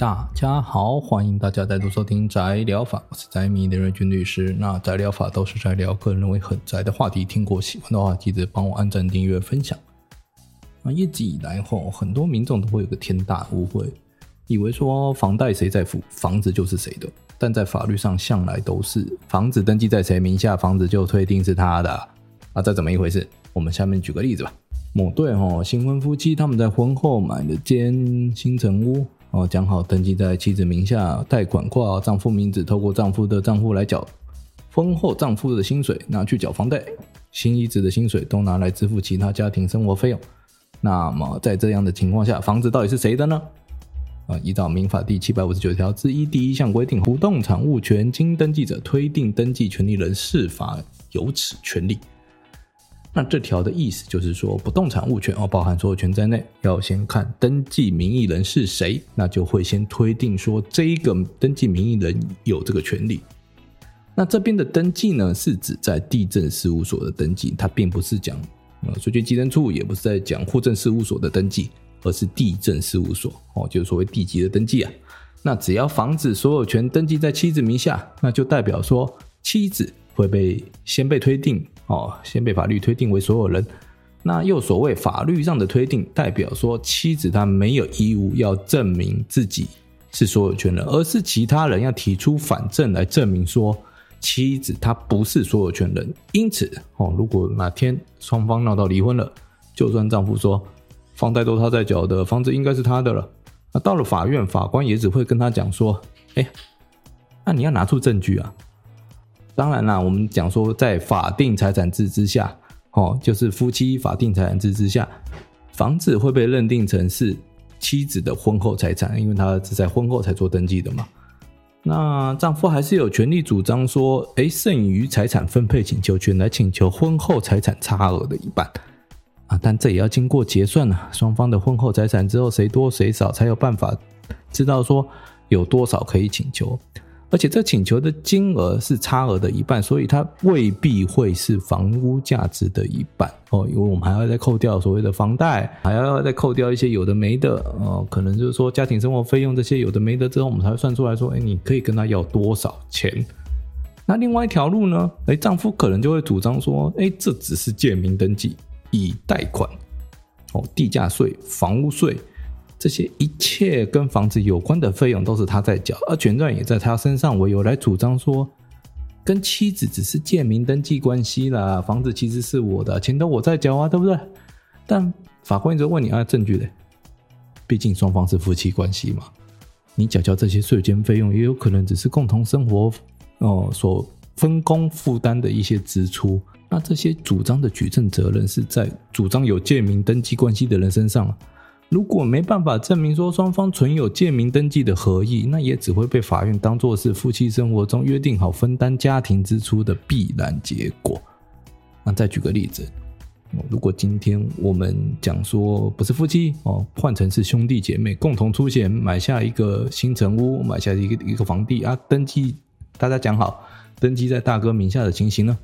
大家好，歡迎大家再度收聽《宅聊法》，我是宅米的瑞君律師。那《宅聊法》都是在聊個人認為很宅的話題。聽過喜歡的話，記得幫我按讚、訂閱、分享。那一直以來吼，很多民眾都會有個天大的誤會，以為說房貸誰在付，房子就是誰的。但在法律上，向來都是房子登記在誰名下，房子就推定是他的。那這怎麼一回事？我們下面舉個例子吧。某對吼、哦，新婚夫妻他們在婚後買了間新成屋。哦，講好登記在妻子名下，貸款掛丈夫名字，透過丈夫的賬戶來繳，婚後丈夫的薪水拿去繳房貸，新妻子的薪水都拿來支付其他家庭生活費用，哦。那麼在這樣的情況下，房子到底是誰的呢？啊，依照民法第七百五十九條之一第一項規定，不動產物權經登記者，推定登記權利人適法有此權利。那這條的意思就是說，不動產物權哦，包含所有權在內，要先看登記名義人是誰，那就會先推定說這個登記名義人有這個權利。那這邊的登記呢，是指在地政事務所的登記，它並不是講啊，稅捐稽徵處也不是在講戶政事務所的登記，而是地政事務所哦，就是所謂地籍的登記啊。那只要房子所有權登記在妻子名下，那就代表說妻子會被先被推定。哦，先被法律推定為所有人，那又所謂法律上的推定，代表說妻子她沒有義務要證明自己是所有權人，而是其他人要提出反證來證明說妻子她不是所有權人。因此，哦，如果哪天雙方鬧到離婚了，就算丈夫說房貸都他在繳的，房子應該是他的了，那到了法院，法官也只會跟他講說，哎，那你要拿出證據啊。當然啦，我們講說，在法定財產制之下，哦，就是夫妻法定財產制之下，房子會被認定成是妻子的婚後財產，因為他是在婚後才做登記的嘛。那丈夫還是有權利主張說，哎，剩餘財產分配請求權來請求婚後財產差額的一半啊，但這也要經過結算啊，雙方的婚後財產之後誰多誰少，才有辦法知道說有多少可以請求。而且這請求的金額是差額的一半，所以它未必會是房屋價值的一半哦，因為我們還要再扣掉所謂的房貸，還要再扣掉一些有的沒的，哦，可能就是說家庭生活費用這些有的沒的之後，我們才會算出來說，哎、欸，你可以跟他要多少錢？那另外一條路呢？哎、欸，丈夫可能就會主張說，哎、欸，這只是借名登記以貸款，哦，地價稅、房屋稅。這些一切跟房子有關的費用都是他在繳，而權狀也在他身上，我有來主張說，跟妻子只是借名登記關係啦，房子其實是我的，錢都我在繳啊，對不對？但法官一直問你啊，證據嘞？畢竟雙方是夫妻關係嘛，你繳交這些稅金費用也有可能只是共同生活哦、呃、所分工負擔的一些支出，那這些主張的舉證責任是在主張有借名登記關係的人身上。如果沒辦法證明說雙方存有借名登記的合意，那也只會被法院當作是夫妻生活中約定好分擔家庭支出的必然結果。那再舉個例子，如果今天我們講說不是夫妻哦，換成是兄弟姐妹共同出錢買下一個新成屋，買下一個一個房地啊，登記大家講好，登記在大哥名下的情形呢？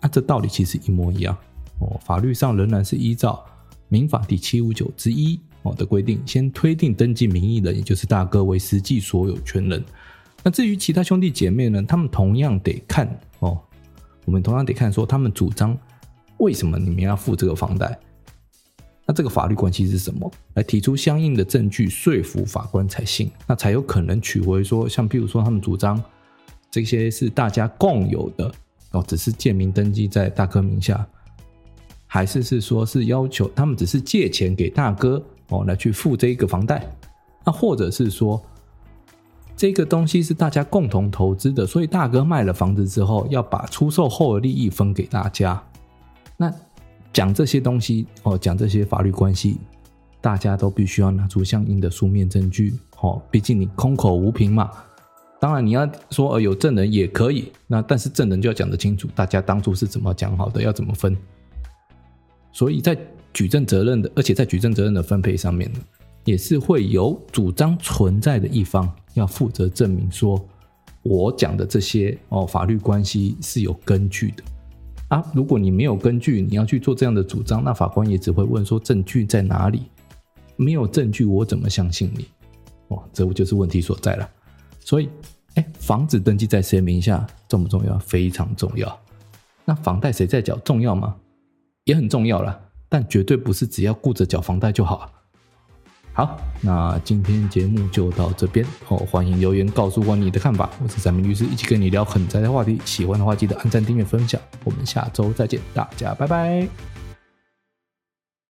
啊，這道理其實一模一樣哦，法律上仍然是依照。民法第七五九之一哦的規定，先推定登記名義人，也就是大哥為實際所有權人。那至於其他兄弟姐妹呢？他們同樣得看哦，我們同樣得看說他們主張為什麼你們要付這個房貸？那這個法律關係是什麼？來提出相應的證據，說服法官才行，那才有可能取回說，說像比如說他們主張這些是大家共有的哦，只是借名登記在大哥名下。還是是說，是要求他們只是借錢給大哥哦，來去付這一個房貸。那或者是說，這個東西是大家共同投資的，所以大哥賣了房子之後，要把出售後的利益分給大家。那講這些東西哦，講這些法律關係，大家都必須要拿出相應的書面證據哦，畢竟你空口無憑嘛。當然你要說呃有證人也可以，那但是證人就要講得清楚，大家當初是怎麼講好的，要怎麼分。所以在舉證責任的，而且在舉證責任的分配上面呢，也是會有主張存在的一方要負責證明說，我講的這些哦法律關係是有根據的啊。如果你沒有根據，你要去做這樣的主張，那法官也只會問說，證據在哪裡？沒有證據，我怎麼相信你？哇，這不就是問題所在了？所以，哎，房子登記在誰名下重不重要？非常重要。那房貸誰在繳重要嗎？也很重要啦，但絕對不是只要顧着繳房貸就好。好，那今天節目就到這邊哦，歡迎留言告訴我你的看法。我是宅米律師，一起跟你聊很宅的話題。喜歡的話，記得按讚、訂閱、分享。我們下周再見，大家拜拜。